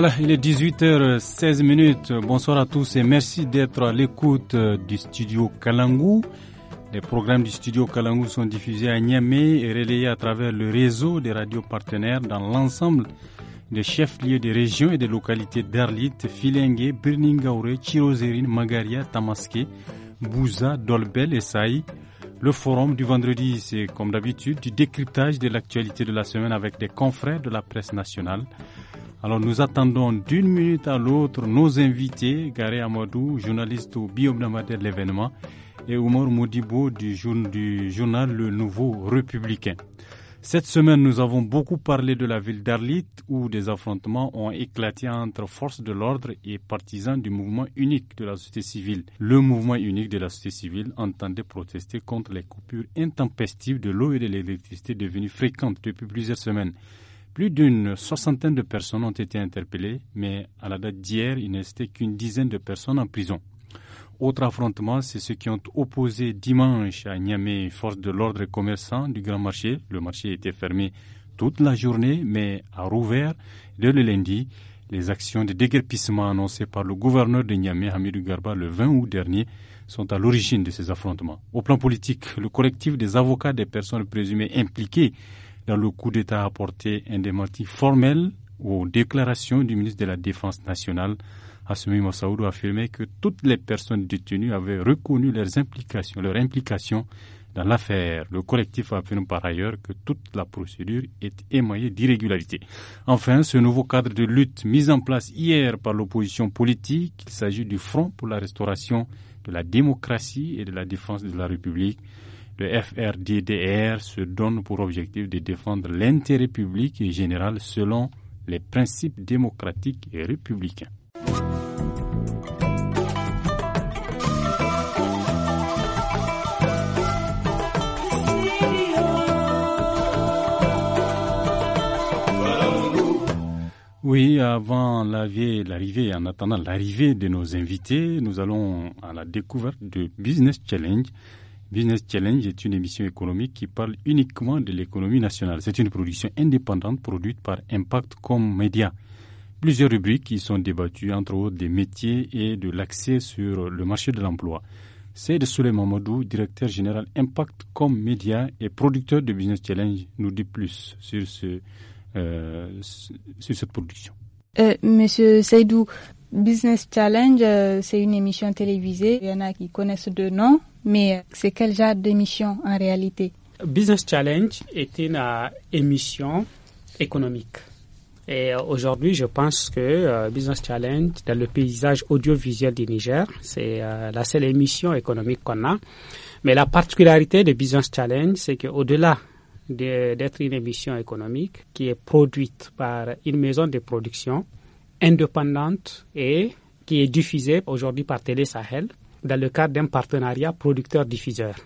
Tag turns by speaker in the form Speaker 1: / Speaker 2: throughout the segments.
Speaker 1: Voilà, il est 18h16 minutes. Bonsoir à tous et merci d'être à l'écoute euh, du studio Kalangou. Les programmes du studio Kalangou sont diffusés à Niamey et relayés à travers le réseau des radios partenaires dans l'ensemble des chefs-lieux des régions et des localités d'Arlit, Filengue, Birningaure, Chirozerine, Magaria, Tamaské, Bouza, Dolbel et Saï. Le forum du vendredi, c'est comme d'habitude du décryptage de l'actualité de la semaine avec des confrères de la presse nationale. Alors nous attendons d'une minute à l'autre nos invités, Garé Amadou, journaliste au biobdomadaire de l'événement, et Oumar Modibo du journal Le Nouveau Républicain. Cette semaine, nous avons beaucoup parlé de la ville d'Arlit où des affrontements ont éclaté entre forces de l'ordre et partisans du mouvement unique de la société civile. Le mouvement unique de la société civile entendait protester contre les coupures intempestives de l'eau et de l'électricité devenues fréquentes depuis plusieurs semaines. Plus d'une soixantaine de personnes ont été interpellées, mais à la date d'hier, il n'était restait qu'une dizaine de personnes en prison. Autre affrontement, c'est ceux qui ont opposé dimanche à Niamey force de l'ordre commerçant du grand marché. Le marché était fermé toute la journée, mais a rouvert dès le lundi. Les actions de déguerpissement annoncées par le gouverneur de Niamey, Hamidou Garba, le 20 août dernier, sont à l'origine de ces affrontements. Au plan politique, le collectif des avocats des personnes présumées impliquées dans le coup d'État a apporté un démenti formel aux déclarations du ministre de la Défense nationale Assoumi Massaoudou affirmé que toutes les personnes détenues avaient reconnu leurs implications, leur implication dans l'affaire. Le collectif a affirme par ailleurs que toute la procédure est émaillée d'irrégularité. Enfin, ce nouveau cadre de lutte mis en place hier par l'opposition politique, il s'agit du Front pour la restauration de la démocratie et de la défense de la République. Le FRDDR se donne pour objectif de défendre l'intérêt public et général selon les principes démocratiques et républicains. Oui, avant l'arrivée, en attendant l'arrivée de nos invités, nous allons à la découverte de Business Challenge. Business Challenge est une émission économique qui parle uniquement de l'économie nationale. C'est une production indépendante produite par Impact comme Media. Plusieurs rubriques y sont débattues, entre autres des métiers et de l'accès sur le marché de l'emploi. C'est Souleymane Mamadou, directeur général Impact comme Media et producteur de Business Challenge, nous dit plus sur ce euh, sur cette production.
Speaker 2: Euh, monsieur Seydou, Business Challenge, euh, c'est une émission télévisée. Il y en a qui connaissent deux noms, mais c'est quel genre d'émission en réalité
Speaker 3: Business Challenge est une émission économique. Et aujourd'hui, je pense que Business Challenge, dans le paysage audiovisuel du Niger, c'est la seule émission économique qu'on a. Mais la particularité de Business Challenge, c'est qu'au-delà d'être une émission économique qui est produite par une maison de production indépendante et qui est diffusée aujourd'hui par Télé Sahel dans le cadre d'un partenariat producteur-diffuseur.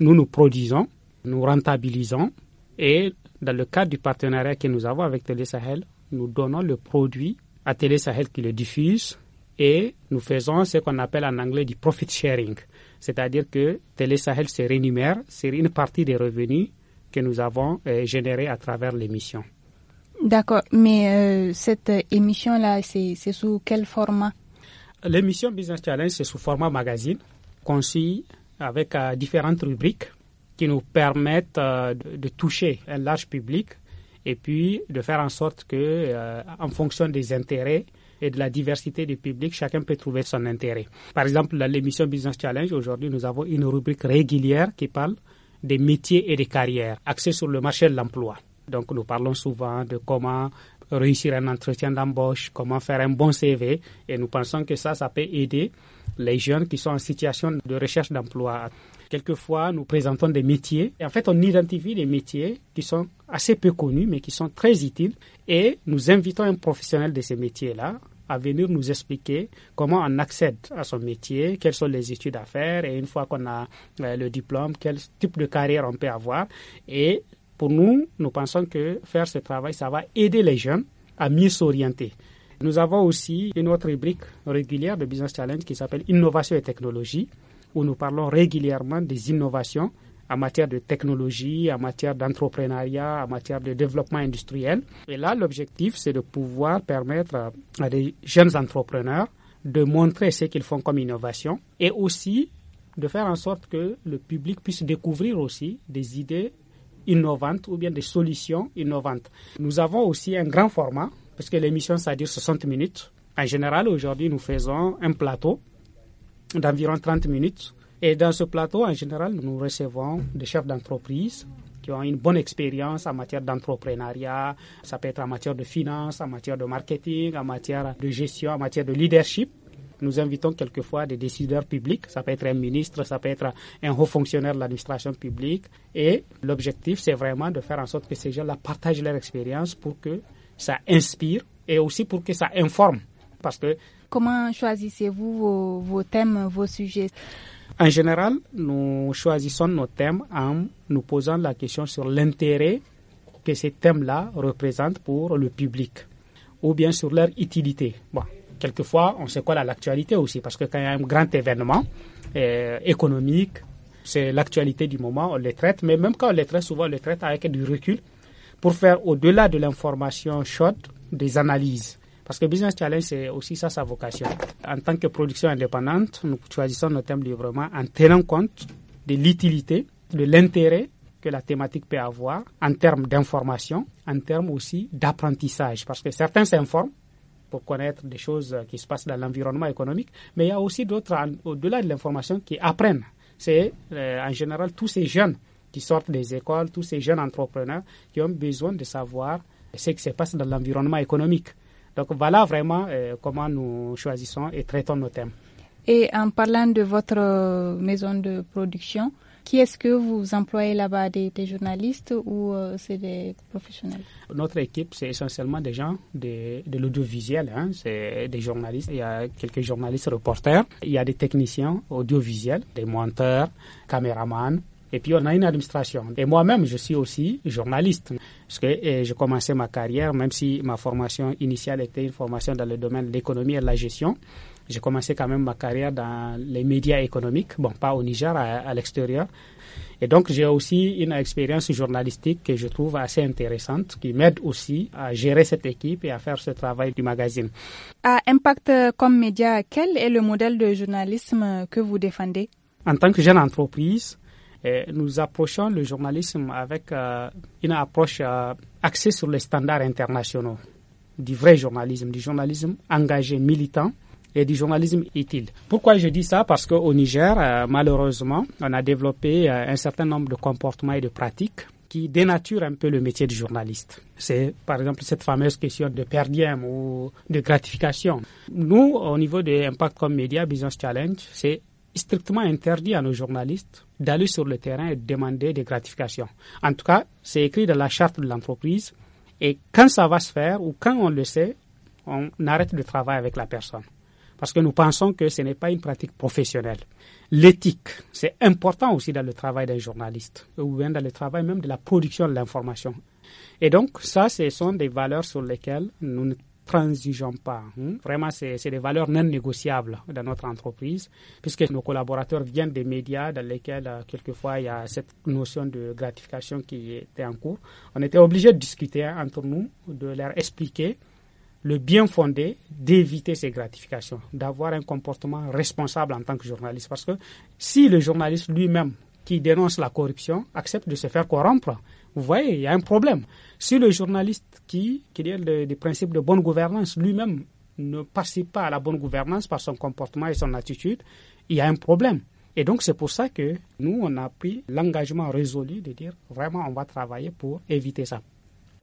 Speaker 3: Nous nous produisons, nous rentabilisons et dans le cadre du partenariat que nous avons avec Télé Sahel, nous donnons le produit à Télé Sahel qui le diffuse et nous faisons ce qu'on appelle en anglais du profit sharing, c'est-à-dire que Télé Sahel se rémunère sur une partie des revenus que nous avons euh, généré à travers l'émission.
Speaker 2: D'accord, mais euh, cette émission-là, c'est sous quel format
Speaker 3: L'émission Business Challenge, c'est sous format magazine, conçu avec euh, différentes rubriques qui nous permettent de, toucher un large public et puis de faire en sorte que, en fonction des intérêts et de la diversité du public, chacun peut trouver son intérêt. Par exemple, l'émission Business Challenge, aujourd'hui, nous avons une rubrique régulière qui parle des métiers et des carrières, axés sur le marché de l'emploi. Donc nous parlons souvent de comment réussir un entretien d'embauche, comment faire un bon CV, et nous pensons que ça, ça peut aider les jeunes qui sont en situation de recherche d'emploi. Quelquefois, nous présentons des métiers. Et en fait, on identifie des métiers qui sont assez peu connus, mais qui sont très utiles. Et nous invitons un professionnel de ces métiers-là à venir nous expliquer comment on accède à son métier, quelles sont les études à faire et une fois qu'on a euh, le diplôme, quel type de carrière on peut avoir. Et pour nous, nous pensons que faire ce travail, ça va aider les jeunes à mieux s'orienter. Nous avons aussi une autre rubrique régulière de Business Challenge qui s'appelle Innovation et technologie, où nous parlons régulièrement des innovations en matière de technologie, en matière d'entrepreneuriat, en matière de développement industriel. Et là, l'objectif, c'est de pouvoir permettre à, des jeunes entrepreneurs de montrer ce qu'ils font comme innovation et aussi de faire en sorte que le public puisse découvrir aussi des idées innovantes ou bien des solutions innovantes. Nous avons aussi un grand format, parce que l'émission, ça dure 60 minutes. En général, aujourd'hui, nous faisons un plateau d'environ 30 minutes et dans ce plateau, en général, nous recevons des chefs d'entreprise qui ont une bonne expérience en matière d'entrepreneuriat. Ça peut être en matière de finance, en matière de marketing, en matière de gestion, en matière de leadership. Nous invitons quelquefois des décideurs publics, ça peut être un ministre, ça peut être un haut fonctionnaire de l'administration publique. Et l'objectif, c'est vraiment de faire en sorte que ces gens-là partagent leur expérience pour que ça inspire et aussi pour que ça informe. Parce que
Speaker 2: Comment choisissez-vous vos, vos thèmes, vos sujets
Speaker 3: en général, nous choisissons nos thèmes en nous posant la question sur l'intérêt que ces thèmes-là représentent pour le public ou bien sur leur utilité. Bon, quelquefois, on sait quoi à l'actualité aussi parce que quand il y a un grand événement euh, économique, c'est l'actualité du moment, on les traite, mais même quand on les traite, souvent on les traite avec du recul pour faire au-delà de l'information chaude des analyses. Parce que Business Challenge, c'est aussi ça sa vocation. En tant que production indépendante, nous choisissons nos thèmes librement en tenant compte de l'utilité, de l'intérêt que la thématique peut avoir en termes d'information, en termes aussi d'apprentissage. Parce que certains s'informent pour connaître des choses qui se passent dans l'environnement économique, mais il y a aussi d'autres, au-delà de l'information, qui apprennent. C'est euh, en général tous ces jeunes qui sortent des écoles, tous ces jeunes entrepreneurs qui ont besoin de savoir ce qui se passe dans l'environnement économique. Donc voilà vraiment euh, comment nous choisissons et traitons nos thèmes.
Speaker 2: Et en parlant de votre euh, maison de production, qui est-ce que vous employez là-bas des, journalistes ou euh, c'est des professionnels
Speaker 3: Notre équipe, c'est essentiellement des gens de, l'audiovisuel. Hein. c'est des journalistes. Il y a quelques journalistes reporters. Il y a des techniciens audiovisuels, des monteurs, caméramans, et puis on a une administration. Et moi-même, je suis aussi journaliste, parce que eh, j'ai commencé ma carrière, même si ma formation initiale était une formation dans le domaine de l'économie et de la gestion. J'ai commencé quand même ma carrière dans les médias économiques, bon, pas au Niger, à, à l'extérieur. Et donc, j'ai aussi une expérience journalistique que je trouve assez intéressante, qui m'aide aussi à gérer cette équipe et à faire ce travail du magazine.
Speaker 2: À Impact comme média, quel est le modèle de journalisme que vous défendez
Speaker 3: En tant que jeune entreprise, nous approchons le journalisme avec euh, une approche euh, axée sur les standards internationaux du vrai journalisme, du journalisme engagé, militant et du journalisme utile. Pourquoi je dis ça Parce qu'au Niger, euh, malheureusement, on a développé un certain nombre de comportements et de pratiques qui dénaturent un peu le métier de journaliste. C'est par exemple cette fameuse question de perdième ou de gratification. Nous, au niveau de Impact comme Média Business Challenge, c'est strictement interdit à nos journalistes d'aller sur le terrain et demander des gratifications. En tout cas, c'est écrit dans la charte de l'entreprise. Et quand ça va se faire ou quand on le sait, on arrête de travailler avec la personne. Parce que nous pensons que ce n'est pas une pratique professionnelle. L'éthique, c'est important aussi dans le travail des journalistes ou bien dans le travail même de la production de l'information. Et donc, ça, ce sont des valeurs sur lesquelles nous transigeons pas. Hein. Vraiment, c'est des valeurs non négociables dans notre entreprise, puisque nos collaborateurs viennent des médias dans lesquels, euh, quelquefois, il y a cette notion de gratification qui était en cours. On était obligé de discuter entre nous, de leur expliquer le bien fondé d'éviter ces gratifications, d'avoir un comportement responsable en tant que journaliste. Parce que si le journaliste lui-même qui dénonce la corruption accepte de se faire corrompre, vous voyez, il y a un problème. Si le journaliste qui, qui a des principes de bonne gouvernance lui-même ne participe pas à la bonne gouvernance par son comportement et son attitude, il y a un problème. Et donc c'est pour ça que nous, on a pris l'engagement résolu de dire vraiment on va travailler pour éviter ça.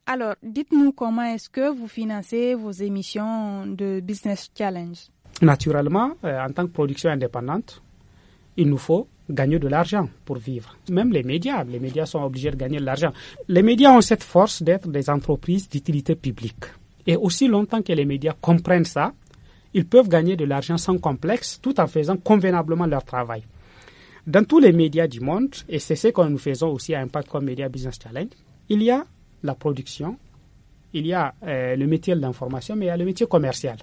Speaker 2: Alors, dites-nous comment est-ce que vous financez vos émissions de Business Challenge
Speaker 3: Naturellement, euh, en tant que production indépendante, il nous faut gagner de l'argent pour vivre. Même les médias, les médias sont obligés de gagner de l'argent. Les médias ont cette force d'être des entreprises d'utilité publique. Et aussi longtemps que les médias comprennent ça, ils peuvent gagner de l'argent sans complexe tout en faisant convenablement leur travail. Dans tous les médias du monde, et c'est ce que nous faisons aussi à Impact comme Media Business Challenge, il y a la production, il y a euh, le métier de l'information, mais il y a le métier commercial.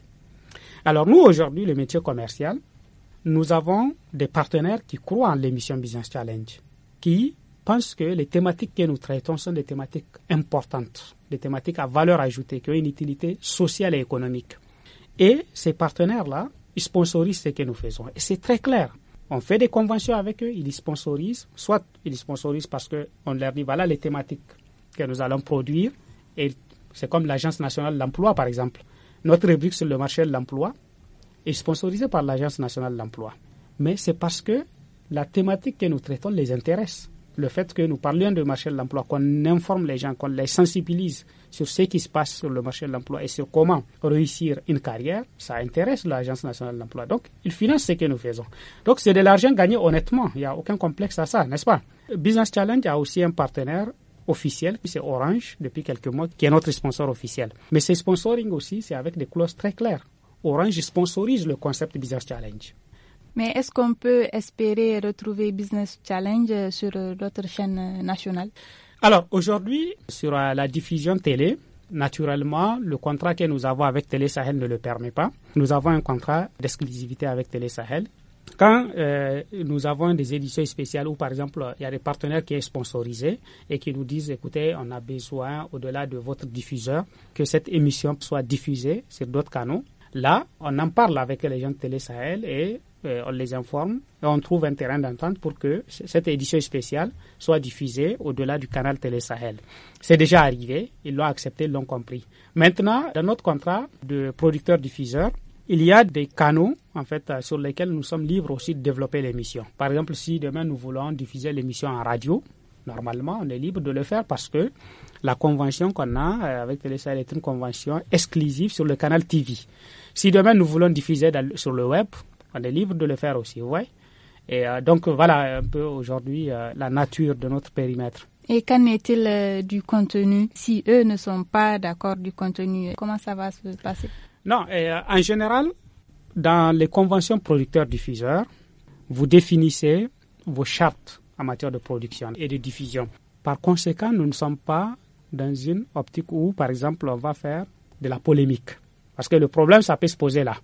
Speaker 3: Alors nous, aujourd'hui, le métier commercial, nous avons des partenaires qui croient en l'émission Business Challenge, qui pensent que les thématiques que nous traitons sont des thématiques importantes, des thématiques à valeur ajoutée, qui ont une utilité sociale et économique. Et ces partenaires-là, ils sponsorisent ce que nous faisons. Et c'est très clair. On fait des conventions avec eux, ils sponsorisent. Soit ils sponsorisent parce qu'on leur dit voilà les thématiques que nous allons produire. Et c'est comme l'Agence nationale de l'emploi, par exemple. Notre rubrique sur le marché de l'emploi, est sponsorisé par l'Agence nationale de l'emploi. Mais c'est parce que la thématique que nous traitons les intéresse. Le fait que nous parlions du marché de l'emploi, qu'on informe les gens, qu'on les sensibilise sur ce qui se passe sur le marché de l'emploi et sur comment réussir une carrière, ça intéresse l'Agence nationale de l'emploi. Donc, ils financent ce que nous faisons. Donc, c'est de l'argent gagné honnêtement. Il n'y a aucun complexe à ça, n'est-ce pas Business Challenge a aussi un partenaire officiel, c'est Orange depuis quelques mois, qui est notre sponsor officiel. Mais ce sponsoring aussi, c'est avec des clauses très claires. Orange sponsorise le concept Business Challenge.
Speaker 2: Mais est-ce qu'on peut espérer retrouver Business Challenge euh, sur euh, d'autres chaînes euh, nationales
Speaker 3: Alors aujourd'hui, sur la diffusion télé, naturellement, le contrat que nous avons avec Télé Sahel ne le permet pas. Nous avons un contrat d'exclusivité avec Télé Sahel. Quand nous avons des éditions spéciales où, par exemple, il y a des partenaires qui sont sponsorisés et qui nous disent, écoutez, on a besoin, au-delà de votre diffuseur, que cette émission soit diffusée sur d'autres canaux, Là, on en parle avec les gens de Télé Sahel et euh, on les informe et on trouve un terrain d'entente pour que cette édition spéciale soit diffusée au-delà du canal Télé Sahel. C'est déjà arrivé, ils l'ont accepté, ils l'ont compris. Maintenant, dans notre contrat de producteur-diffuseur, il y a des canaux en fait euh, sur lesquels nous sommes libres aussi de développer l'émission. Par exemple, si demain nous voulons diffuser l'émission en radio, normalement on est libre de le faire parce que la convention qu'on a euh, avec Télé Sahel est une convention exclusive sur le canal TV. Si demain nous voulons diffuser sur le web, on est libre de le faire aussi, vous Et euh, donc voilà un peu aujourd'hui euh, la nature de notre périmètre.
Speaker 2: Et qu'en est-il euh, du contenu Si eux ne sont pas d'accord du contenu, comment ça va se passer
Speaker 3: Non, en général, dans les conventions producteurs-diffuseurs, vous définissez vos chartes en matière de production et de diffusion. Par conséquent, nous ne sommes pas dans une optique où, par exemple, on va faire de la polémique. Parce que le problème, ça peut se poser là.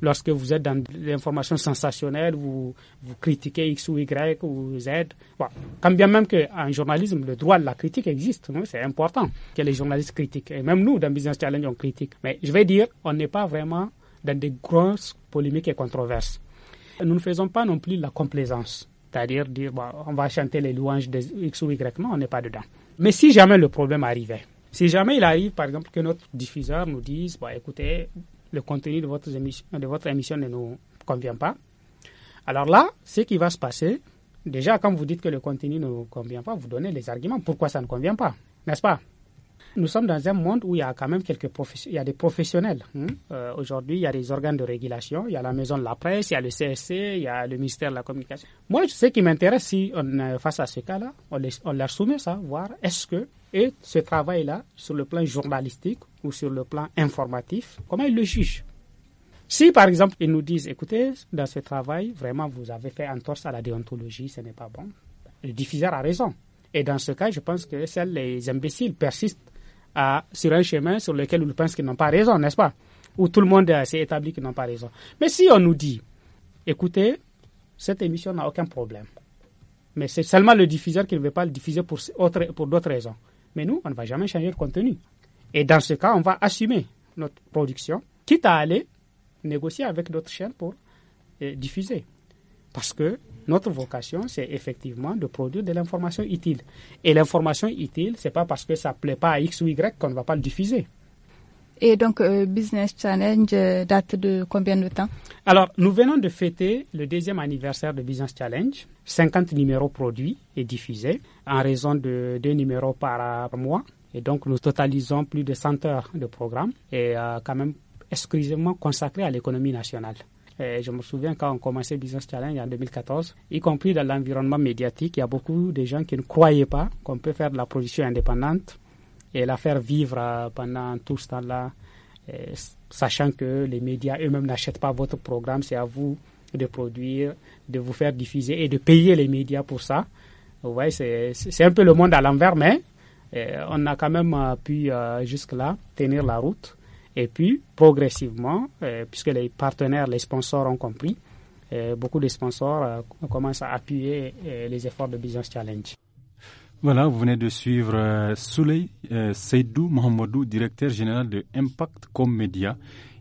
Speaker 3: Lorsque vous êtes dans l'information sensationnelle, vous, vous critiquez X ou Y ou Z. Bon, quand bien même qu'en journalisme, le droit de la critique existe, hein, c'est important que les journalistes critiquent. Et même nous, dans Business Challenge, on critique. Mais je vais dire, on n'est pas vraiment dans des grosses polémiques et controverses. Nous ne faisons pas non plus la complaisance, c'est-à-dire dire, on va chanter les louanges de X ou Y. Non, on n'est pas dedans. Mais si jamais le problème arrivait, si jamais il arrive, par exemple, que notre diffuseur nous dise, bah, écoutez, le contenu de votre émission, de votre émission ne nous convient pas. Alors là, ce qui va se passer, déjà, quand vous dites que le contenu ne vous convient pas, vous donnez les arguments pourquoi ça ne convient pas, n'est-ce pas Nous sommes dans un monde où il y a quand même quelques il y a des professionnels. Hein. Euh, aujourd'hui, il y a des organes de régulation, il y a la maison de la presse, il y a le CSC, il y a le ministère de la communication. Moi, ce qui m'intéresse, si on face à ce cas-là, on, on leur soumet ça, voir est-ce que et ce travail-là, sur le plan journalistique ou sur le plan informatif, comment ils le jugent si par exemple ils nous disent, écoutez, dans ce travail, vraiment vous avez fait entorse à la déontologie, ce n'est pas bon, le diffuseur a raison. Et dans ce cas, je pense que celles les imbéciles persistent sur un chemin sur lequel ils pensent qu'ils n'ont pas raison, n'est-ce pas Où tout le monde s'est établi qu'ils n'ont pas raison. Mais si on nous dit, écoutez, cette émission n'a aucun problème, mais c'est seulement le diffuseur qui ne veut pas le diffuser pour d'autres raisons. Mais nous, on ne va jamais changer de contenu. Et dans ce cas, on va assumer notre production, quitte à aller négocier avec d'autres chaînes pour euh, diffuser. Parce que notre vocation, c'est effectivement de produire de l'information utile. Et l'information utile, ce n'est pas parce que ça ne plaît pas à X ou Y qu'on ne va pas le diffuser.
Speaker 2: Et donc, euh, Business Challenge euh, date de combien de temps
Speaker 3: Alors, nous venons de fêter le deuxième anniversaire de Business Challenge. 50 numéros produits et diffusés en raison de deux numéros par mois. Et donc, nous totalisons plus de 100 heures de programme et euh, quand même exclusivement consacré à l'économie nationale. Et je me souviens quand on commençait Business Challenge en 2014, y compris dans l'environnement médiatique, il y a beaucoup de gens qui ne croyaient pas qu'on peut faire de la production indépendante et la faire vivre euh, pendant tout ce temps-là, euh, sachant que les médias eux-mêmes n'achètent pas votre programme, c'est à vous de produire, de vous faire diffuser et de payer les médias pour ça. Vous voyez, c'est un peu le monde à l'envers, mais euh, on a quand même pu jusque-là tenir la route. Et puis, progressivement, puisque les partenaires, les sponsors ont compris, beaucoup de sponsors commencent à appuyer les efforts de Business Challenge.
Speaker 1: Voilà, vous venez de suivre euh, Souley euh, Seydou Mohamedou, directeur général de Impact Com Media.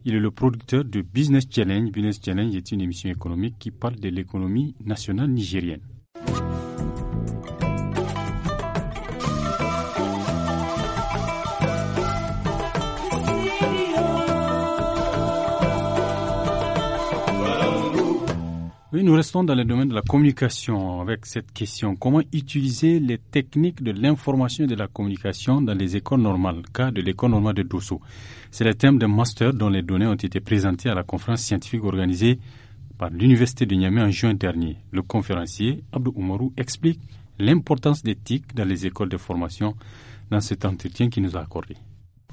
Speaker 1: Il est le producteur de Business Challenge. Business Challenge est une émission économique qui parle de l'économie nationale nigérienne. nous restons dans le domaine de la communication avec cette question. Comment utiliser les techniques de l'information et de la communication dans les écoles normales, cas de l'école normale de Dosso C'est le thème d'un master dont les données ont été présentées à la conférence scientifique organisée par l'Université de Niamey en juin dernier. Le conférencier, Abdou Oumarou, explique l'importance d'éthique dans les écoles de formation dans cet entretien
Speaker 4: qu'il nous a accordé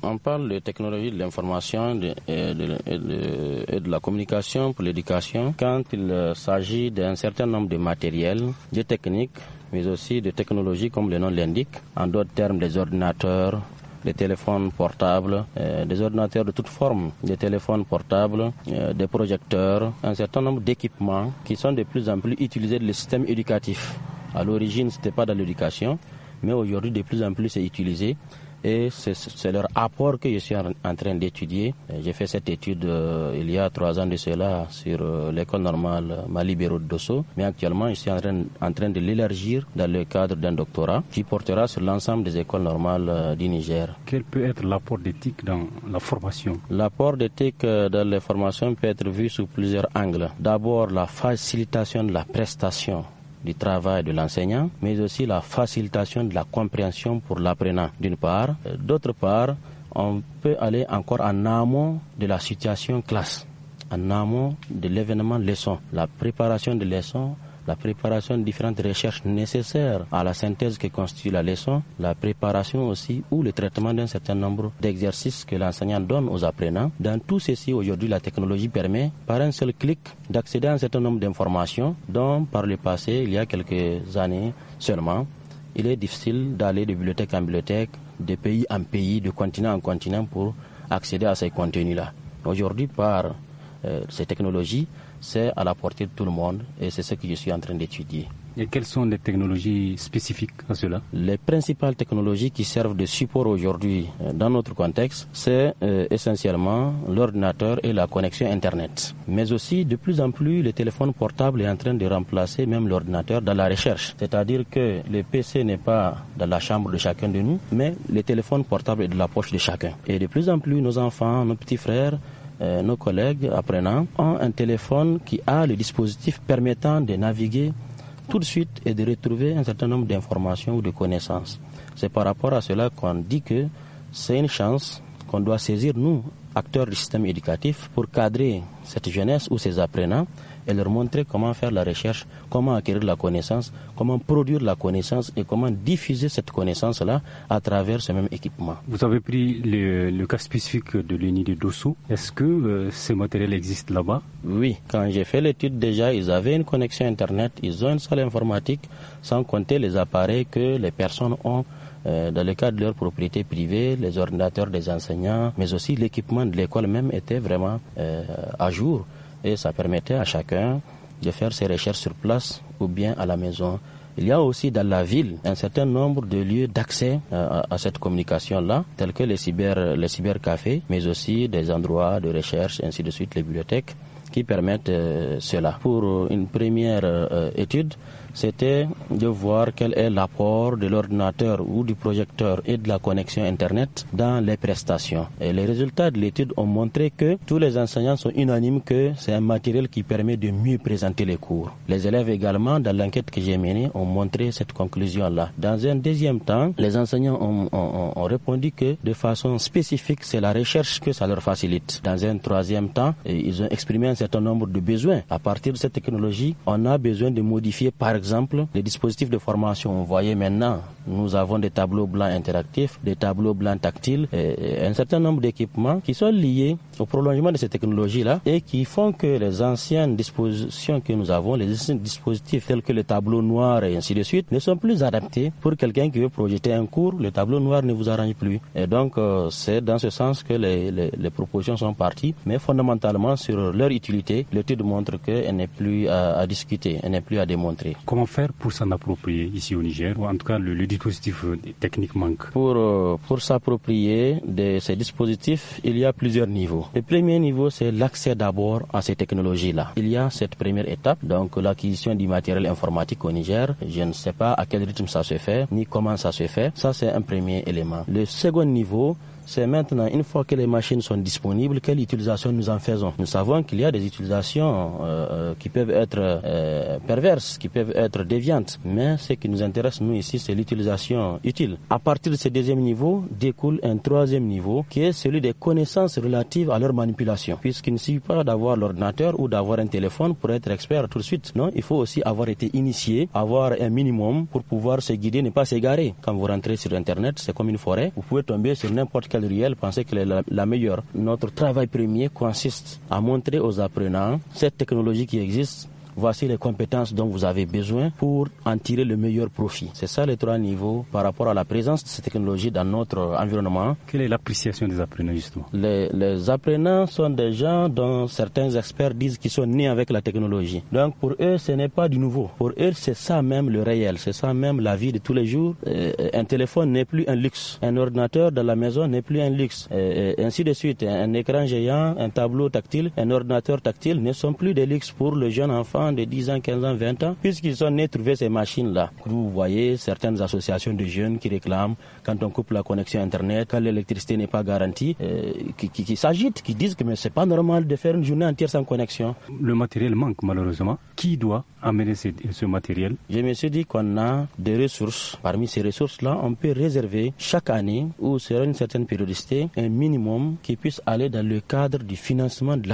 Speaker 4: on parle de technologie de l'information et, de la communication pour l'éducation quand il euh, s'agit d'un certain nombre de matériels, de techniques, mais aussi de technologies comme le nom l'indique, en d'autres termes des ordinateurs, des téléphones portables, euh, des ordinateurs de toutes formes, des téléphones portables, euh, des projecteurs, un certain nombre d'équipements qui sont de plus en plus utilisés dans le système éducatif. À l'origine, ce n'était pas dans l'éducation, mais aujourd'hui, de plus en plus, c'est utilisé et c'est leur apport que je suis en, train d'étudier. J'ai fait cette étude euh, il y a trois ans de cela sur euh, l'école normale Mali de Dosso, mais actuellement je suis en train, en train de l'élargir dans le cadre d'un doctorat qui portera sur l'ensemble des écoles normales euh, du Niger. Quel peut être l'apport d'éthique dans la formation L'apport d'éthique dans la formation peut être vu sous plusieurs angles. D'abord la facilitation de la prestation du travail de l'enseignant, mais aussi la facilitation de la compréhension pour l'apprenant, d'une part. Euh, d'autre part, on peut aller encore en amont de la situation classe, en amont de l'événement leçon, la préparation de leçons la préparation de différentes recherches nécessaires à la synthèse que constitue la leçon, la préparation aussi ou le traitement d'un certain nombre d'exercices que l'enseignant donne aux apprenants. Dans tout ceci, aujourd'hui, la technologie permet par un seul clic d'accéder à un certain nombre d'informations dont par le passé, il y a quelques années seulement, il est difficile d'aller de bibliothèque en bibliothèque, de pays en pays, de continent en continent pour accéder à ces contenus-là. Aujourd'hui, par euh, ces technologies, c'est à la portée de tout le monde et c'est ce que je suis en train d'étudier. Et quelles sont les technologies spécifiques à cela Les principales technologies qui servent de support aujourd'hui euh, dans notre contexte, c'est euh, essentiellement l'ordinateur et la connexion Internet. Mais aussi, de plus en plus, le téléphone portable est en train de remplacer même l'ordinateur dans la recherche. C'est-à-dire que le PC n'est pas dans la chambre de chacun de nous, mais le téléphone portable est de la poche de chacun. Et de plus en plus, nos enfants, nos petits frères, euh, nos collègues apprenants ont un téléphone qui a le dispositif permettant de naviguer tout de suite et de retrouver un certain nombre d'informations ou de connaissances. C'est par rapport à cela qu'on dit que c'est une chance qu'on doit saisir, nous, acteurs du système éducatif, pour cadrer cette jeunesse ou ces apprenants et leur montrer comment faire la recherche, comment acquérir la connaissance, comment produire la connaissance et comment diffuser cette connaissance-là à travers ce même équipement. Vous avez pris le, cas spécifique de l'UNI de Dossou. Est-ce que euh, ces matériels existent existe là-bas Oui, quand j'ai fait l'étude déjà, ils avaient une connexion Internet, ils ont une salle informatique, sans compter les appareils que les personnes ont euh, dans le cadre de leur propriété privée, les ordinateurs des enseignants, mais aussi l'équipement de l'école même était vraiment euh, à jour et ça permettait à chacun de faire ses recherches sur place ou bien à la maison. Il y a aussi dans la ville un certain nombre de lieux d'accès euh, à, cette communication-là, tels que les, cyber, les cybercafés, mais aussi des endroits de recherche, ainsi de suite, les bibliothèques, qui permettent euh, cela. Pour une première euh, étude, c'était de voir quel est l'apport de l'ordinateur ou du projecteur et de la connexion Internet dans les prestations. Et les résultats de l'étude ont montré que tous les enseignants sont unanimes que c'est un matériel qui permet de mieux présenter les cours. Les élèves également, dans l'enquête que j'ai menée, ont montré cette conclusion-là. Dans un deuxième temps, les enseignants ont, ont, ont répondu que de façon spécifique, c'est la recherche que ça leur facilite. Dans un troisième temps, ils ont exprimé un certain nombre de besoins. À partir de cette technologie, on a besoin de modifier par exemple exemple, les dispositifs de formation, vous voyez maintenant, nous avons des tableaux blancs interactifs, des tableaux blancs tactiles, et, un certain nombre d'équipements qui sont liés au prolongement de ces technologies-là et qui font que les anciennes dispositions que nous avons, les anciens dispositifs tels que le tableau noir et ainsi de suite, ne sont plus adaptés pour quelqu'un qui veut projeter un cours. Le tableau noir ne vous arrange plus. Et donc, euh, c'est dans ce sens que les, les, propositions sont parties, mais fondamentalement sur leur utilité, l'étude montre qu'elle n'est plus à discuter, elle n'est plus à démontrer comment faire pour s'en approprier ici au Niger Ou en tout cas, le, dispositif euh, technique manque. Pour, euh, pour s'approprier de ces dispositifs, il y a plusieurs niveaux. Le premier niveau, c'est l'accès d'abord à ces technologies-là. Il y a cette première étape, donc l'acquisition du matériel informatique au Niger. Je ne sais pas à quel rythme ça se fait, ni comment ça se fait. Ça, c'est un premier élément. Le second niveau, c'est maintenant, une fois que les machines sont disponibles, quelle utilisation nous en faisons. Nous savons qu'il y a des utilisations euh, euh, qui peuvent être euh, perverses, qui peuvent être déviantes, mais ce qui nous intéresse, nous, ici, c'est l'utilisation utile. À partir de ce deuxième niveau, découle un troisième niveau, qui est celui des connaissances relatives à leur manipulation, puisqu'il ne suffit pas d'avoir l'ordinateur ou d'avoir un téléphone pour être expert tout de suite. Non, il faut aussi avoir été initié, avoir un minimum pour pouvoir se guider, ne pas s'égarer. Quand vous rentrez sur Internet, c'est comme une forêt, vous pouvez tomber sur n'importe elle pensait que la meilleure. Notre travail premier consiste à montrer aux apprenants cette technologie qui existe voici les compétences dont vous avez besoin pour en tirer le meilleur profit. C'est ça les trois niveaux par rapport à la présence de ces technologies dans notre environnement. Quelle est l'appréciation des apprenants justement les, apprenants sont des gens dont certains experts disent qu'ils sont nés avec la technologie. Donc pour eux, ce n'est pas du nouveau. Pour eux, c'est ça même le réel, c'est ça même la vie de tous les jours. Euh, un téléphone n'est plus un luxe, un ordinateur dans la maison n'est plus un luxe, ainsi de suite. Un écran géant, un tableau tactile, un ordinateur tactile ne sont plus des luxes pour le jeune enfant de 10 ans, 15 ans, 20 ans, puisqu'ils ont nés trouver ces machines-là. Vous voyez certaines associations de jeunes qui réclament, quand on coupe la connexion Internet, quand l'électricité n'est pas garantie, euh, qui, qui, s'agitent, qui disent que ce n'est pas normal de faire une journée entière sans connexion. Le matériel manque malheureusement. Qui doit amener ce, matériel Je me suis dit qu'on a des ressources. Parmi ces ressources-là, on peut réserver chaque année ou sur une certaine périodicité un minimum qui puisse aller dans le cadre du financement de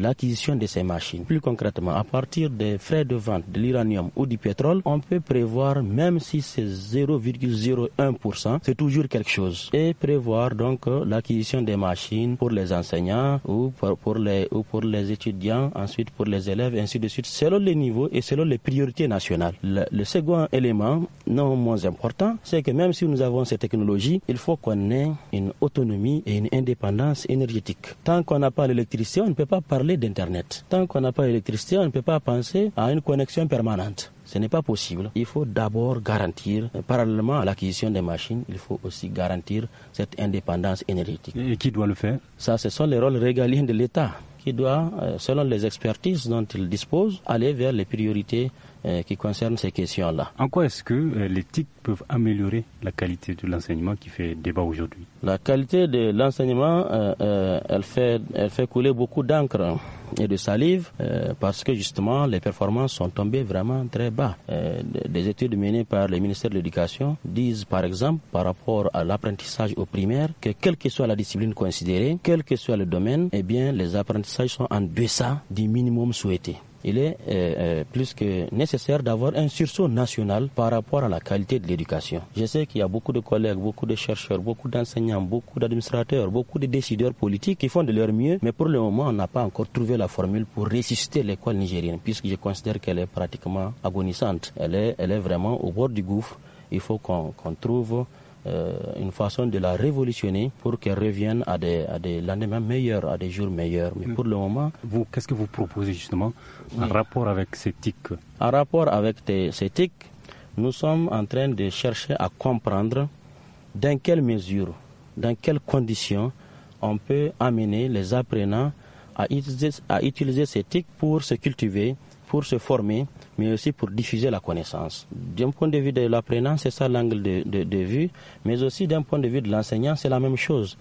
Speaker 4: l'acquisition de, de ces machines. Plus concrètement, à partir des frais de vente de l'uranium ou du pétrole, on peut prévoir, même si c'est 0,01%, c'est toujours quelque chose. Et prévoir donc euh, l'acquisition des machines pour les enseignants ou pour, les, ou pour les étudiants, ensuite pour les élèves, ainsi de suite, selon les niveaux et selon les priorités nationales. Le, le second élément, non moins important, c'est que même si nous avons ces technologies, il faut qu'on ait une autonomie et une indépendance énergétique. Tant qu'on n'a pas l'électricité, on ne peut pas parler d'Internet. Tant qu'on n'a pas l'électricité, on ne peut pas penser à une connexion permanente. Ce n'est pas possible. Il faut d'abord garantir, parallèlement à l'acquisition des machines, il faut aussi garantir cette indépendance énergétique. Et qui doit le faire Ça, ce sont les rôles régaliens de l'État qui doit, euh, selon les expertises dont il dispose, aller vers les priorités euh, qui concerne ces questions-là. En quoi est-ce que euh, les TIC peuvent améliorer la qualité de l'enseignement qui fait débat aujourd'hui La qualité de l'enseignement, euh, elle, fait, elle fait couler beaucoup d'encre et de salive parce que justement les performances sont tombées vraiment très bas. des études menées par le ministère de l'Éducation disent par exemple par rapport à l'apprentissage au primaire que quelle que soit la discipline considérée, quel que soit le domaine, eh bien les apprentissages sont en deçà du minimum souhaité il est euh, euh, plus que nécessaire d'avoir un sursaut national par rapport à la qualité de l'éducation. Je sais qu'il y a beaucoup de collègues, beaucoup de chercheurs, beaucoup d'enseignants, beaucoup d'administrateurs, beaucoup de décideurs politiques qui font de leur mieux, mais pour le moment, on n'a pas encore trouvé la formule pour résister l'école nigérienne, puisque je considère qu'elle est pratiquement agonisante. Elle est, elle est vraiment au bord du gouffre. Il faut qu'on trouve euh, une façon de la révolutionner pour qu'elle revienne à des, à des lendemains meilleurs, à des jours meilleurs. Mais mm. pour le moment... Vous, qu'est-ce que vous proposez justement en rapport avec ces tics En rapport avec ces tics, nous sommes en train de chercher à comprendre dans quelle mesure, dans quelles conditions on peut amener les apprenants à utiliser, à utiliser ces tics pour se cultiver, pour se former, mais aussi pour diffuser la connaissance. D'un point de vue de l'apprenant, c'est ça l'angle de, vue, mais aussi d'un point de vue de l'enseignant, c'est la même chose.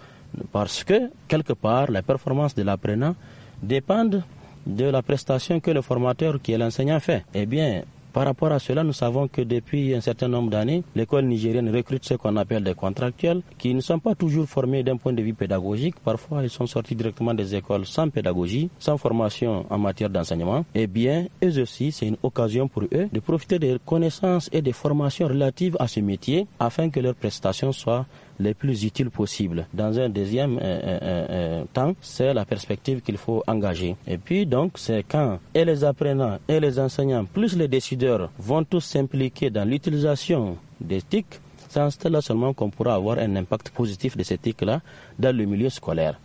Speaker 4: Parce que, quelque part, la performance de l'apprenant dépend de la prestation que le formateur, qui est l'enseignant, fait. Eh bien, par rapport à cela, nous savons que depuis un certain nombre d'années, l'école nigérienne recrute ce qu'on appelle des contractuels qui ne sont pas toujours formés d'un point de vue pédagogique. Parfois, ils sont sortis directement des écoles sans pédagogie, sans formation en matière d'enseignement. Eh bien, eux aussi, c'est une occasion pour eux de profiter des connaissances et des formations relatives à ce métier afin que leurs prestations soient les plus utiles possibles. Dans un deuxième euh, euh, euh, temps, c'est la perspective qu'il faut engager. Et puis donc, c'est quand les apprenants et les enseignants, plus les décideurs, vont tous s'impliquer dans l'utilisation des TIC, c'est en cela seulement qu'on pourra avoir un impact positif de ces TIC-là dans le milieu scolaire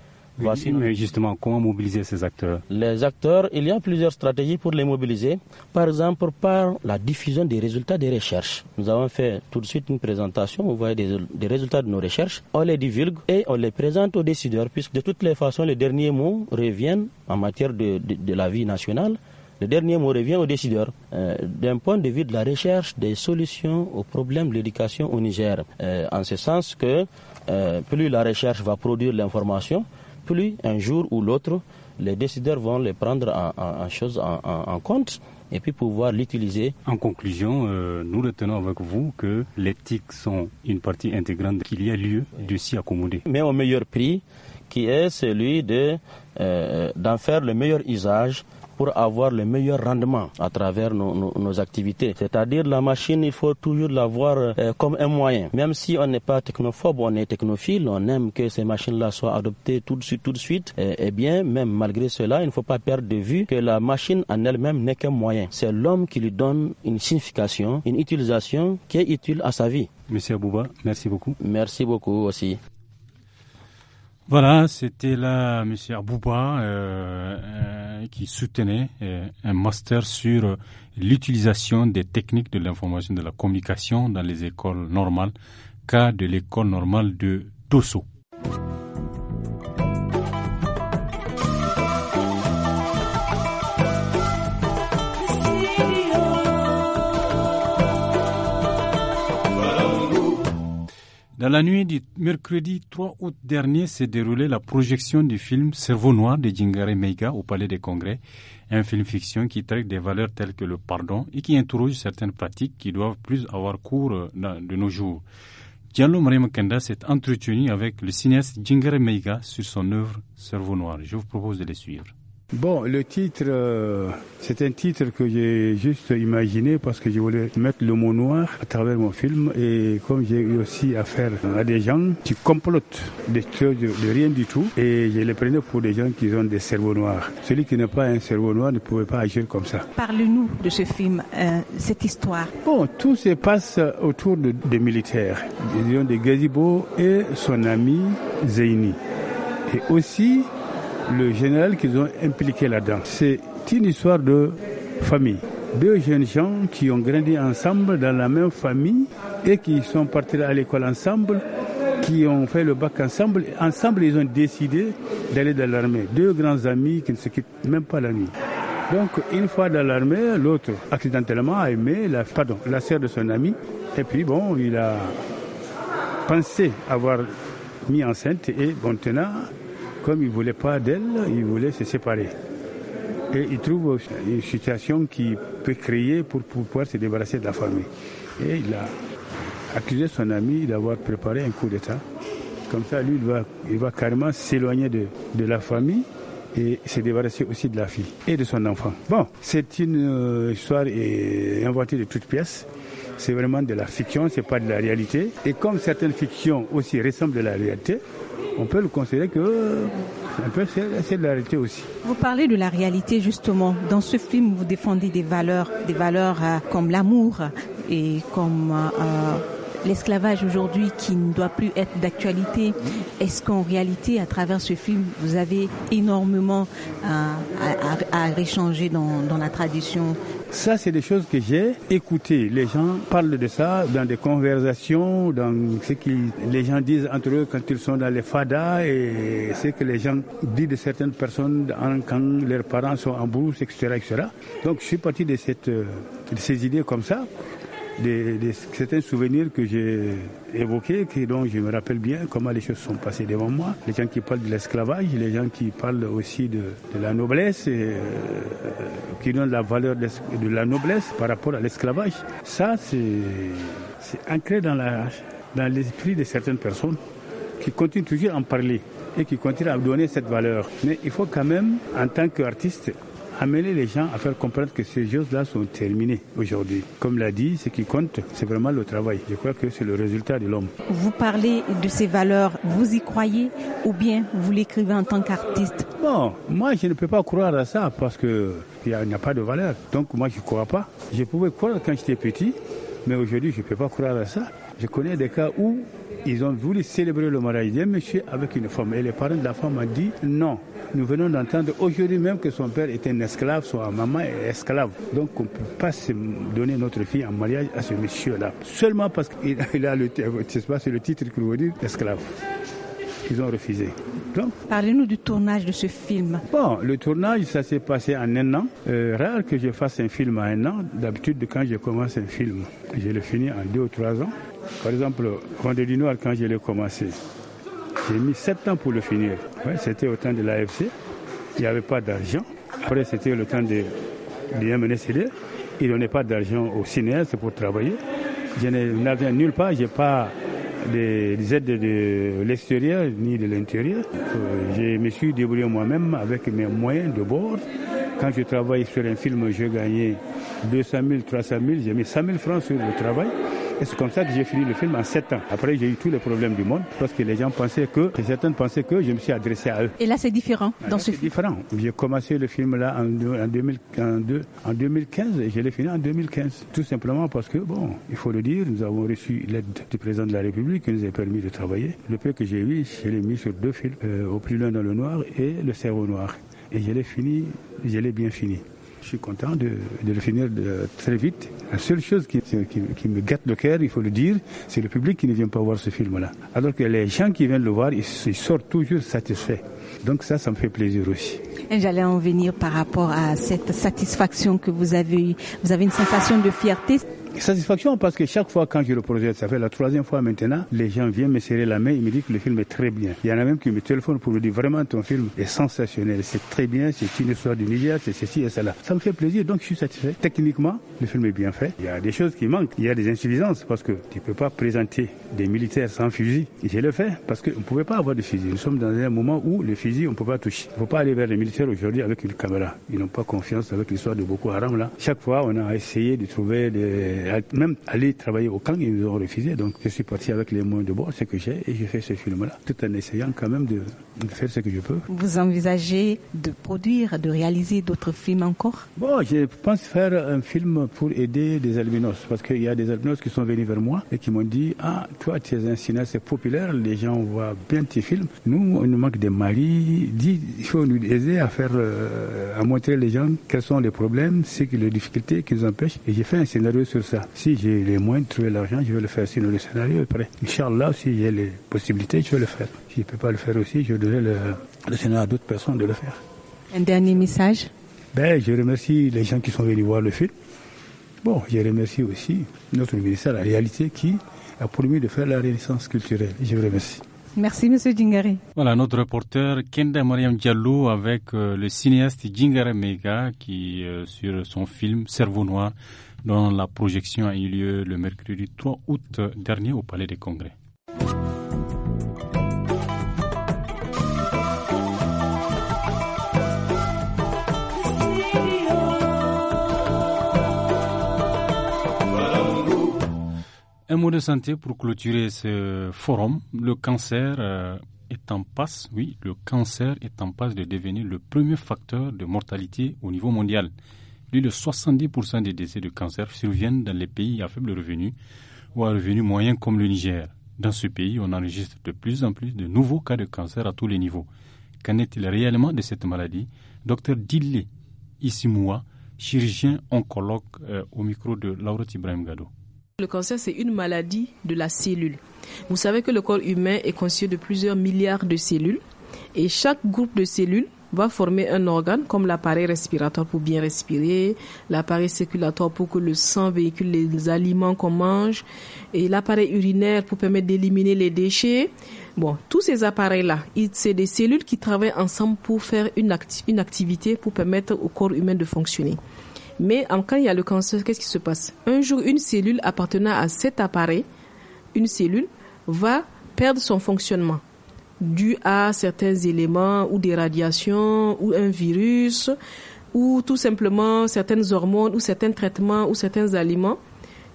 Speaker 4: mais justement, comment mobiliser ces acteurs Les acteurs, il y a plusieurs stratégies pour les mobiliser. Par exemple, par la diffusion des résultats des recherches. Nous avons fait tout de suite une présentation, vous voyez des, résultats de nos recherches. On les divulgue et on les présente aux décideurs, puisque de toutes les façons, les derniers mots reviennent en matière de, la vie nationale. Le dernier mot revient aux décideurs. Euh, d'un point de vue de la recherche des solutions aux problèmes de l'éducation au Niger, euh, en ce sens que euh, plus la recherche va produire l'information, plus, un jour ou l'autre, les décideurs vont les prendre en, chose, en, compte et puis pouvoir l'utiliser. En conclusion, euh, nous retenons avec vous que les TIC sont une partie intégrante, qu'il y a lieu de s'y accommoder. Mais au meilleur prix, qui est celui de, euh, d'en faire le meilleur usage pour avoir le meilleur rendement à travers nos, nos, activités. C'est-à-dire la machine, il faut toujours la voir euh, comme un moyen. Même si on n'est pas technophobe, on est technophile, on aime que ces machines-là soient adoptées tout de suite, tout de suite. Eh, eh bien, même malgré cela, il ne faut pas perdre de vue que la machine en elle-même n'est qu'un moyen. C'est l'homme qui lui donne une signification, une utilisation qui est utile à sa vie. Monsieur Abouba, merci beaucoup. Merci beaucoup aussi.
Speaker 1: Voilà, c'était là M. Abouba euh, euh, qui soutenait euh, un master sur l'utilisation des techniques de l'information de la communication dans les écoles normales, cas de l'école normale de Tosso. Dans la nuit du mercredi 3 août dernier s'est déroulée la projection du film Cerveau noir de Jingare Meiga au Palais des Congrès, un film fiction qui traite des valeurs telles que le pardon et qui interroge certaines pratiques qui doivent plus avoir cours euh, de nos jours. Diallo Marie Kenda s'est entretenu avec le cinéaste Jingare Meiga sur son œuvre Cerveau noir. Je vous propose de les suivre.
Speaker 5: Bon, le titre, euh, c'est un titre que j'ai juste imaginé parce que je voulais mettre le mot noir à travers mon film et comme j'ai eu aussi affaire à des gens qui complotent des choses de rien du tout et je les prenais pour des gens qui ont des cerveaux noirs. Celui qui n'a pas un cerveau noir ne pouvait pas agir comme ça.
Speaker 6: Parle-nous de ce film, euh, cette histoire. Bon,
Speaker 5: tout se passe autour des militaires, ont de Gazibo et son ami Zeini. Et aussi le général qu'ils ont impliqué là-dedans. C'est une histoire de famille. Deux jeunes gens qui ont grandi ensemble dans la même famille et qui sont partis à l'école ensemble, qui ont fait le bac ensemble. Ensemble, ils ont décidé d'aller dans l'armée. Deux grands amis qui ne se quittent même pas la nuit. Donc, une fois dans l'armée, l'autre, accidentellement, a aimé la, pardon, la sœur de son ami. Et puis, bon, il a pensé avoir mis enceinte et, bon, tenant, comme il ne voulait pas d'elle, il voulait se séparer. Et il trouve une situation qu'il peut créer pour pouvoir se débarrasser de la famille. Et il a accusé son ami d'avoir préparé un coup d'État. Comme ça, lui, il va, carrément s'éloigner de la famille et se débarrasser aussi de la fille et de son enfant. Bon, c'est une euh, histoire euh, inventée de toutes pièces c'est vraiment de la fiction, c'est pas de la réalité. Et comme certaines fictions aussi ressemblent à la réalité, on peut le considérer que euh, c'est de la réalité aussi.
Speaker 6: Vous parlez de la réalité justement. Dans ce film, vous défendez des valeurs, des valeurs euh, comme l'amour et comme euh, l'esclavage aujourd'hui qui ne doit plus être d'actualité. Est-ce qu'en réalité, à travers ce film, vous avez énormément à, réchanger dans, la tradition ça,
Speaker 5: c'est des choses que j'ai écoutées. Les gens parlent de ça dans des conversations, dans ce que les gens disent entre eux quand ils sont dans les fadas et ce que les gens disent de certaines personnes quand leurs parents sont en bourse, etc., etc. Donc, je suis parti de, cette, euh, de ces idées comme ça de, un certains souvenirs que j'ai évoqués, que donc je me rappelle bien comment les choses sont passées devant moi. Les gens qui parlent de l'esclavage, les gens qui parlent aussi de, la noblesse, euh, qui donnent la valeur de, la noblesse par rapport à l'esclavage. Ça, c'est ancré dans dans l'esprit de certaines personnes qui continuent toujours à en parler et qui continuent à donner cette valeur. Mais il faut quand même, en tant qu'artiste, amener les gens à faire comprendre que ces choses-là sont terminées aujourd'hui. Comme l'a dit, ce qui compte, c'est vraiment le travail. Je crois que c'est le résultat de l'homme.
Speaker 6: Vous parlez de ces valeurs, vous y croyez ou bien vous l'écrivez en tant qu'artiste
Speaker 5: Bon, moi je ne peux pas croire à ça parce qu'il n'y a, a, pas de valeur. Donc moi je ne crois pas. Je pouvais croire quand j'étais petit, mais aujourd'hui je ne peux pas croire à ça. Je connais des cas où ils ont voulu célébrer le mariage d'un monsieur avec une femme. Et les parents de la femme ont dit non. Nous venons d'entendre aujourd'hui même que son père est un esclave, son maman est esclave. Donc on ne peut pas se donner notre fille en mariage à ce monsieur-là. Seulement parce qu'il a le, c'est le titre que veut dire, esclave. Ils ont refusé.
Speaker 6: Parlez-nous du tournage de ce film.
Speaker 5: Bon, le tournage, ça s'est passé en un an. Euh, rare que je fasse un film en un an. D'habitude, quand je commence un film, je le finis en deux ou trois ans. Par exemple, Noir, quand je l'ai commencé, j'ai mis sept ans pour le finir. c'était au temps de l'AFC. Il n'y avait pas d'argent. Après, c'était le temps de, de Il n'y avait pas d'argent au cinéaste pour travailler. Je n'avais nulle part. Je n'ai pas des, aides de l'extérieur ni de l'intérieur. Euh, je me suis débrouillé moi-même avec mes moyens de bord. Quand je travaille sur un film, je gagnais 200 000, 300 000. J'ai mis 100 000 francs sur le travail. Et c'est comme ça que j'ai fini le film en 7 ans. Après, j'ai eu tous les problèmes du monde parce que les gens pensaient que, certains pensaient que je me suis adressé à eux.
Speaker 6: Et là, c'est différent ah, dans ce film.
Speaker 5: C'est différent. J'ai commencé le film là en, en, 2015 et je l'ai fini en 2015. Tout simplement parce que, bon, il faut le dire, nous avons reçu l'aide du président de la République qui nous a permis de travailler. Le peu que j'ai eu, je l'ai mis sur deux films, euh, Au plus loin dans le noir et Le cerveau noir. Et je l'ai fini, je l'ai bien fini. Je suis content de, le finir très vite. La seule chose qui, me gâte le cœur, il faut le dire, c'est le public qui ne vient pas voir ce film-là. Alors que les gens qui viennent le voir, ils, ils sortent toujours satisfaits. Donc ça, ça me fait plaisir aussi.
Speaker 6: J'allais en venir par rapport à cette satisfaction que vous avez eue. Vous avez une sensation de fierté. Satisfaction
Speaker 5: parce que chaque fois quand je le projette, ça fait la troisième fois maintenant, les gens viennent me serrer la main et me disent que le film est très bien. Il y en a même qui me téléphonent pour me dire vraiment ton film est sensationnel, c'est très bien, c'est une histoire du Niger, c'est ceci et cela. Ça me fait plaisir, donc je suis satisfait. Techniquement, le film est bien fait. Il y a des choses qui manquent, il y a des insuffisances parce que tu ne peux pas présenter des militaires sans fusil. J'ai le fait parce qu'on ne pouvait pas avoir de fusil. Nous sommes dans un moment où le fusil, on ne peut pas toucher. Il ne faut pas aller vers les militaires aujourd'hui avec une caméra. Ils n'ont pas confiance avec l'histoire de Boko Haram là. Chaque fois, on a essayé de trouver des même aller travailler au camp, ils nous ont refusé. Donc je suis parti avec les moyens de bord, ce que j'ai, et j'ai fait ce film-là, tout en essayant quand même de, faire ce que je peux.
Speaker 6: Vous envisagez de produire, de réaliser d'autres films encore
Speaker 5: Bon, je pense faire un film pour aider des albinos, parce qu'il y a des albinos qui sont venus vers moi et qui m'ont dit, ah, toi, tu es un cinéaste populaire, les gens voient bien tes films. Nous, on nous manque des maris, il faut nous aider à faire, euh, à montrer les gens quels sont les problèmes, c'est les difficultés qui nous empêchent. Et j'ai fait un scénario sur ça si j'ai les moyens de trouver l'argent, je vais le faire. Sinon, le scénario est prêt. Inch'Allah, si j'ai les possibilités, je vais le faire. Si je ne peux pas le faire aussi, je donnerai le, le scénario à d'autres personnes de le faire.
Speaker 6: Un dernier message
Speaker 5: ben, Je remercie les gens qui sont venus voir le film. Bon, je remercie aussi notre ministère la Réalité qui a promis de faire la Renaissance culturelle. Je vous remercie.
Speaker 6: Merci, Monsieur Djingari.
Speaker 1: Voilà, notre reporter Kenda Mariam Diallo avec euh, le cinéaste Djingare Mega qui, euh, sur son film Cerveau Noir, dont la projection a eu lieu le mercredi 3 août dernier au Palais des Congrès. Un mot de santé pour clôturer ce forum. Le cancer euh, est en passe, oui, le cancer est en passe de devenir le premier facteur de mortalité au niveau mondial. Plus de 70% des décès de cancer surviennent dans les pays à faible revenu ou à revenu moyen comme le Niger. Dans ce pays, on enregistre de plus en plus de nouveaux cas de cancer à tous les niveaux. Qu'en est-il réellement de cette maladie Docteur Dille Isimoua, chirurgien oncologue euh, au micro de Laura Ibrahim Gado
Speaker 7: le cancer, c'est une maladie de la cellule. Vous savez que le corps humain est constitué de plusieurs milliards de cellules et chaque groupe de cellules va former un organe comme l'appareil respiratoire pour bien respirer, l'appareil circulatoire pour que le sang véhicule les aliments qu'on mange et l'appareil urinaire pour permettre d'éliminer les déchets. Bon, tous ces appareils-là, c'est des cellules qui travaillent ensemble pour faire une activité pour permettre au corps humain de fonctionner. Mais quand il y a le cancer, qu'est-ce qui se passe Un jour, une cellule appartenant à cet appareil, une cellule, va perdre son fonctionnement dû à certains éléments ou des radiations ou un virus ou tout simplement certaines hormones ou certains traitements ou certains aliments,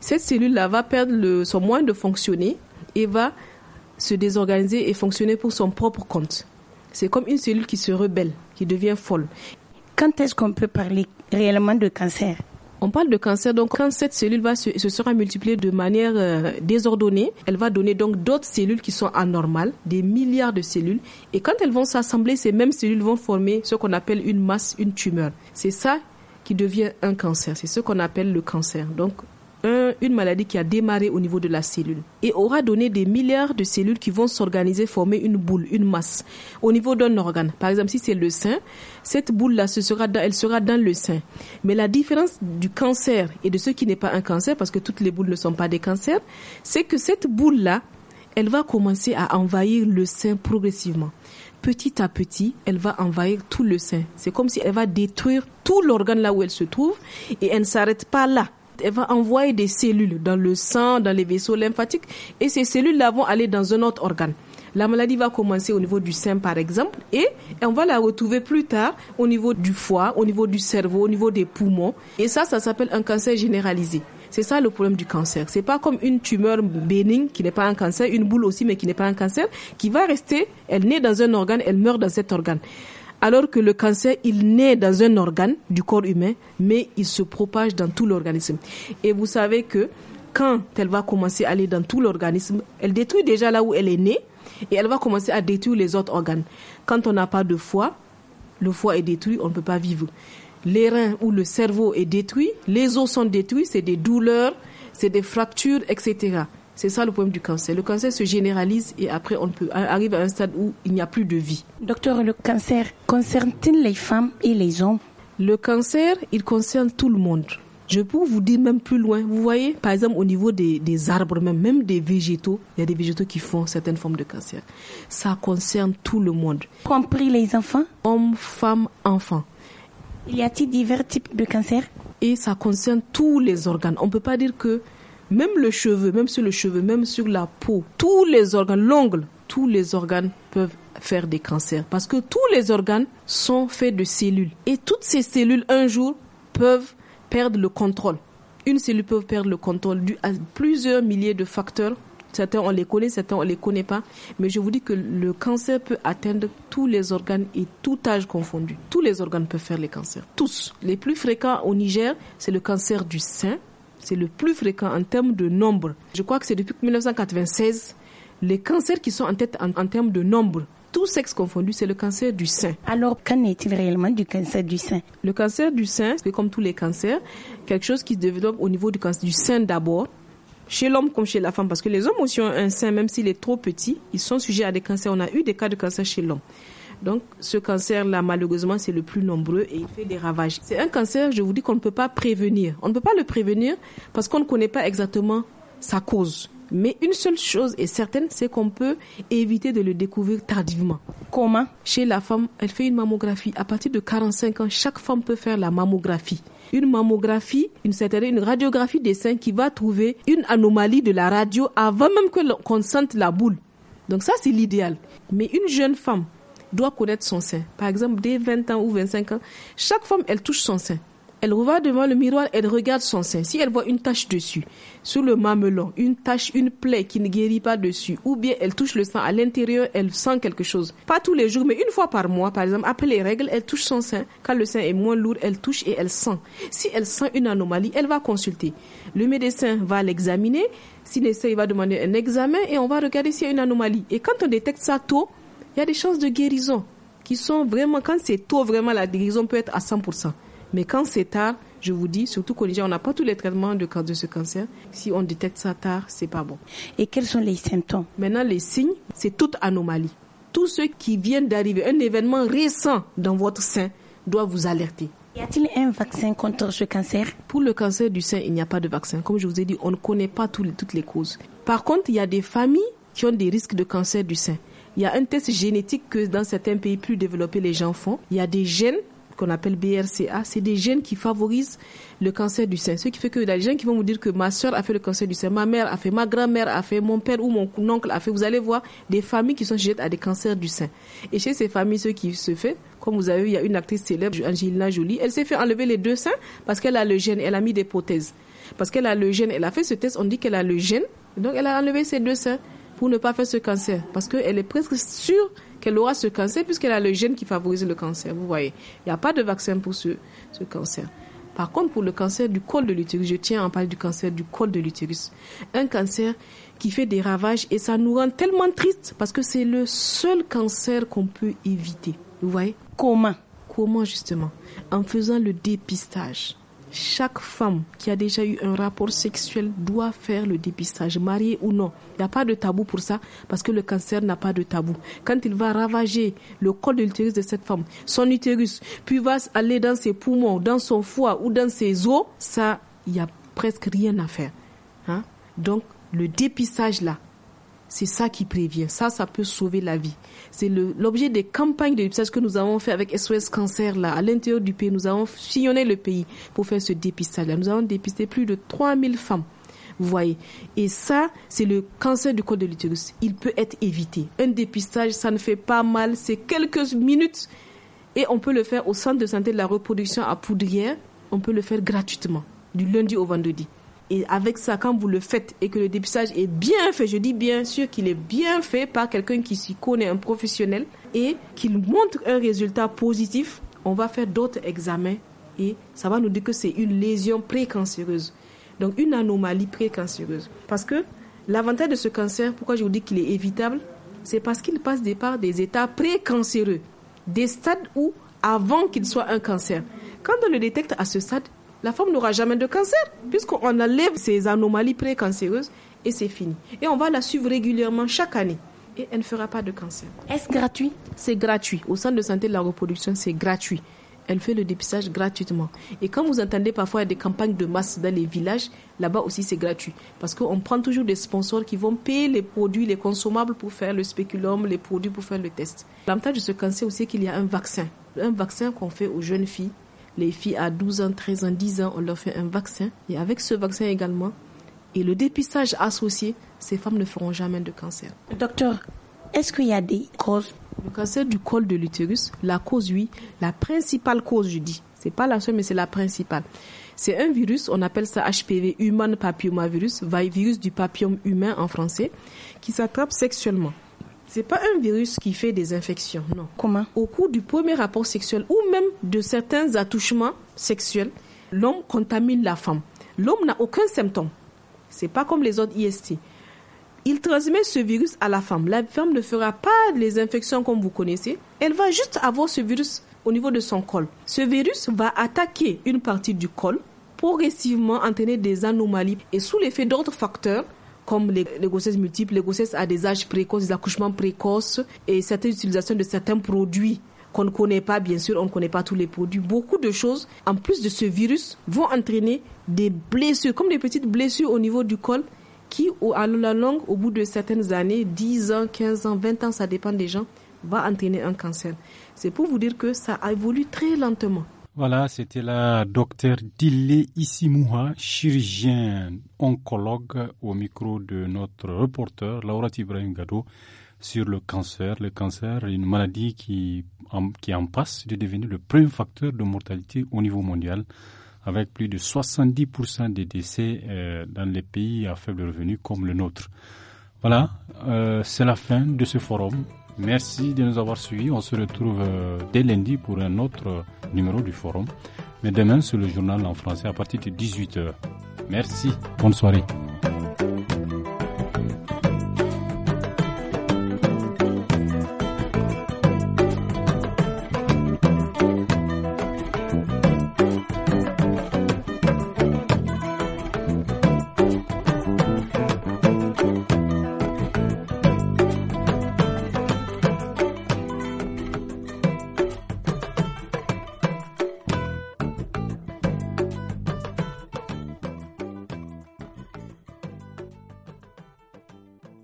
Speaker 7: cette cellule-là va perdre son moyen de fonctionner et va se désorganiser et fonctionner pour son propre compte. C'est comme une cellule qui se rebelle, qui devient folle. Quand est-ce qu'on peut parler réellement de cancer on parle de cancer, donc quand cette cellule va se, sera multipliée de manière euh, désordonnée, elle va donner donc d'autres cellules qui sont anormales, des milliards de cellules. Et quand elles vont s'assembler, ces mêmes cellules vont former ce qu'on appelle une masse, une tumeur. C'est ça qui devient un cancer. C'est ce qu'on appelle le cancer. Donc une maladie qui a démarré au niveau de la cellule et aura donné des milliards de cellules qui vont s'organiser, former une boule, une masse au niveau d'un organe. Par exemple, si c'est le sein, cette boule-là, ce sera elle sera dans le sein. Mais la différence du cancer et de ce qui n'est pas un cancer, parce que toutes les boules ne sont pas des cancers, c'est que cette boule-là, elle va commencer à envahir le sein progressivement petit à petit, elle va envahir tout le sein. C'est comme si elle va détruire tout l'organe là où elle se trouve et elle ne s'arrête pas là elle va envoyer des cellules dans le sang, dans les vaisseaux lymphatiques, et ces cellules-là vont aller dans un autre organe. La maladie va commencer au niveau du sein, par exemple, et on va la retrouver plus tard au niveau du foie, au niveau du cerveau, au niveau des poumons. Et ça, ça s'appelle un cancer généralisé. C'est ça le problème du cancer. C'est pas comme une tumeur bénigne qui n'est pas un cancer, une boule aussi mais qui n'est pas un cancer, qui va rester, elle naît dans un organe, elle meurt dans cet organe alors que le cancer, il naît dans un organe du corps humain, mais il se propage dans tout l'organisme. Et vous savez que quand elle va commencer à aller dans tout l'organisme, elle détruit déjà là où elle est née et elle va commencer à détruire les autres organes. Quand on n'a pas de foie, le foie est détruit, on ne peut pas vivre. Les reins ou le cerveau est détruit, les os sont détruits, c'est des douleurs, c'est des fractures, etc. C'est ça le problème du cancer. Le cancer se généralise et après on peut arrive à un stade où il n'y a plus de vie. Docteur, le cancer concerne-t-il les femmes et les hommes Le cancer, il concerne tout le monde. Je peux vous dire même plus loin. Vous voyez, par exemple, au niveau des, arbres, même, même des végétaux, il y a des végétaux qui font certaines formes de cancer. Ça concerne tout le monde. Compris les enfants Hommes, femmes, enfants. Il y a-t-il divers types de cancers Et ça concerne tous les organes. On ne peut pas dire que même le cheveu, même sur le cheveu, même sur la peau, tous les organes, l'ongle, tous les organes peuvent faire des cancers parce que tous les organes sont faits de cellules et toutes ces cellules un jour peuvent perdre le contrôle. Une cellule peut perdre le contrôle dû à plusieurs milliers de facteurs. Certains on les connaît, certains on les connaît pas, mais je vous dis que le cancer peut atteindre tous les organes et tout âge confondu. Tous les organes peuvent faire les cancers, tous. Les plus fréquents au Niger, c'est le cancer du sein, c'est le plus fréquent en termes de nombre. Je crois que c'est depuis 1996 les cancers qui sont en tête en, termes de nombre tout sexe confondu, c'est le cancer du sein. Alors, qu'en est-il réellement du cancer du sein Le cancer du sein, c'est comme tous les cancers, quelque chose qui se développe au niveau du, du sein d'abord, chez l'homme comme chez la femme, parce que les hommes aussi un sein, même s'il est trop petit, ils sont sujets à des cancers. On a eu des cas de cancer chez l'homme. Donc ce cancer-là, malheureusement, c'est le plus nombreux et il fait des ravages. C'est un cancer, je vous dis, qu'on ne peut pas prévenir. On ne peut pas le prévenir parce qu'on ne connaît pas exactement sa cause. Mais une seule chose est certaine, c'est qu'on peut éviter de le découvrir tardivement. Comment Chez la femme, elle fait une mammographie. À partir de 45 ans, chaque femme peut faire la mammographie. Une mammographie, une, une radiographie des seins qui va trouver une anomalie de la radio avant même qu'on sente la boule. Donc ça, c'est l'idéal. Mais une jeune femme doit connaître son sein. Par exemple, dès 20 ans ou 25 ans, chaque femme, elle touche son sein. Elle va devant le miroir, elle regarde son sein. Si elle voit une tache dessus, sur le mamelon, une tache, une plaie qui ne guérit pas dessus, ou bien elle touche le sein à l'intérieur, elle sent quelque chose. Pas tous les jours, mais une fois par mois, par exemple, après les règles, elle touche son sein. Quand le sein est moins lourd, elle touche et elle sent. Si elle sent une anomalie, elle va consulter. Le médecin va l'examiner. Si nécessaire, il va demander un examen et on va regarder s'il y a une anomalie. Et quand on détecte ça tôt, il y a des chances de guérison qui sont vraiment, quand c'est tôt, vraiment la guérison peut être à 100%. Mais quand c'est tard, je vous dis, surtout qu'on on n'a pas tous les traitements de, ce cancer. Si on détecte ça tard, c'est pas bon. Et quels sont les symptômes Maintenant, les signes, c'est toute anomalie. Tous ceux qui viennent d'arriver, un événement récent dans votre sein doit vous alerter. Y a-t-il un vaccin contre ce cancer Pour le cancer du sein, il n'y a pas de vaccin. Comme je vous ai dit, on ne connaît pas toutes les causes. Par contre, il y a des familles qui ont des risques de cancer du sein. Il y a un test génétique que dans certains pays plus développés, les gens font. Il y a des gènes qu'on appelle BRCA, c'est des gènes qui favorisent le cancer du sein. Ce qui fait que les y a des gens qui vont vous dire que ma soeur a fait le cancer du sein, ma mère a fait, ma grand-mère a fait, mon père ou mon oncle a fait. Vous allez voir des familles qui sont sujettes à des cancers du sein. Et chez ces familles, ce qui se fait, comme vous avez vu, il y a une actrice célèbre, Angelina Jolie, elle s'est fait enlever les deux seins parce qu'elle a le gène, elle a mis des prothèses. Parce qu'elle a le gène, elle a fait ce test, on dit qu'elle a le gène, donc elle a enlevé ses deux seins pour ne pas faire ce cancer. Parce qu'elle est presque sûre qu'elle aura ce cancer puisqu'elle a le gène qui favorise le cancer. Vous voyez, il n'y a pas de vaccin pour ce, cancer. Par contre, pour le cancer du col de l'utérus, je tiens à en parler du cancer du col de l'utérus. Un cancer qui fait des ravages et ça nous rend tellement tristes parce que c'est le seul cancer qu'on peut éviter. Vous voyez Comment Comment justement En faisant le dépistage. Chaque femme qui a déjà eu un rapport sexuel doit faire le dépistage, mariée ou non. Il n'y a pas de tabou pour ça parce que le cancer n'a pas de tabou. Quand il va ravager le col de l'utérus de cette femme, son utérus, puis va aller dans ses poumons, dans son foie ou dans ses os, ça, il n'y a presque rien à faire. Hein. Donc, le dépistage là, c'est ça qui prévient. Ça, ça peut sauver la vie. C'est l'objet des campagnes de dépistage que nous avons fait avec SOS Cancer, là, à l'intérieur du pays. Nous avons sillonné le pays pour faire ce dépistage-là. Nous avons dépisté plus de 3000 femmes. Vous voyez. Et ça, c'est le cancer du col de l'utérus. Il peut être évité. Un dépistage, ça ne fait pas mal. C'est quelques minutes. Et on peut le faire au centre de santé de la reproduction à Poudrière. On peut le faire gratuitement, du lundi au vendredi. Et avec ça, quand vous le faites et que le dépistage est bien fait, je dis bien sûr qu'il est bien fait par quelqu'un qui s'y connaît, un professionnel, et qu'il montre un résultat positif, on va faire d'autres examens et ça va nous dire que c'est une lésion précancéreuse. Donc une anomalie précancéreuse. Parce que l'avantage de ce cancer, pourquoi je vous dis qu'il est évitable, c'est parce qu'il passe des par des états précancéreux, des stades où avant qu'il soit un cancer. Quand on le détecte à ce stade, la femme n'aura jamais de cancer, puisqu'on enlève ces anomalies précancéreuses et c'est fini. Et on va la suivre régulièrement chaque année et elle ne fera pas de cancer. Est-ce gratuit C'est gratuit. Au centre de santé de la reproduction, c'est gratuit. Elle fait le dépistage gratuitement. Et quand vous entendez parfois des campagnes de masse dans les villages, là-bas aussi c'est gratuit. Parce qu'on prend toujours des sponsors qui vont payer les produits, les consommables pour faire le spéculum, les produits pour faire le test. L'avantage de ce cancer aussi, c'est qu'il y a un vaccin. Un vaccin qu'on fait aux jeunes filles les filles à 12 ans, 13 ans, 10 ans, on leur fait un vaccin. Et avec ce vaccin également, et le dépistage associé, ces femmes ne feront jamais de cancer. Docteur, est-ce qu'il y a des causes Le cancer du col de l'utérus, la cause, oui, la principale cause, je dis. C'est pas la seule, mais c'est la principale. C'est un virus, on appelle ça HPV, Human Papillomavirus, virus du papium humain en français, qui s'attrape sexuellement. C'est pas un virus qui fait des infections, non. Comment Au cours du premier rapport sexuel ou même de certains attouchements sexuels, l'homme contamine la femme. L'homme n'a aucun symptôme. C'est pas comme les autres IST. Il transmet ce virus à la femme. La femme ne fera pas les infections comme vous connaissez. Elle va juste avoir ce virus au niveau de son col. Ce virus va attaquer une partie du col, progressivement entraîner des anomalies et sous l'effet d'autres facteurs, comme les, les, grossesses multiples, les grossesses à des âges précoces, des accouchements précoces et certaines utilisations de certains produits qu'on ne connaît pas, bien sûr, on ne connaît pas tous les produits. Beaucoup de choses, en plus de ce virus, vont entraîner des blessures, comme des petites blessures au niveau du col qui, à la longue, au bout de certaines années, 10 ans, 15 ans, 20 ans, ça dépend des gens, va entraîner un cancer. C'est pour vous dire que ça évolue très lentement.
Speaker 1: Voilà, c'était la docteur Dile Isimouha, chirurgien oncologue au micro de notre reporter Laura Ibrahim Gado sur le cancer. Le cancer est une maladie qui, en, qui en passe de devenir le premier facteur de mortalité au niveau mondial avec plus de 70% des décès euh, dans les pays à faible revenu comme le nôtre. Voilà, euh, c'est la fin de ce forum. Merci de nous avoir suivis. On se retrouve euh, dès lundi pour un autre numéro du forum. Mais demain, sur le journal en français à partir de 18h. Merci. Bonne soirée.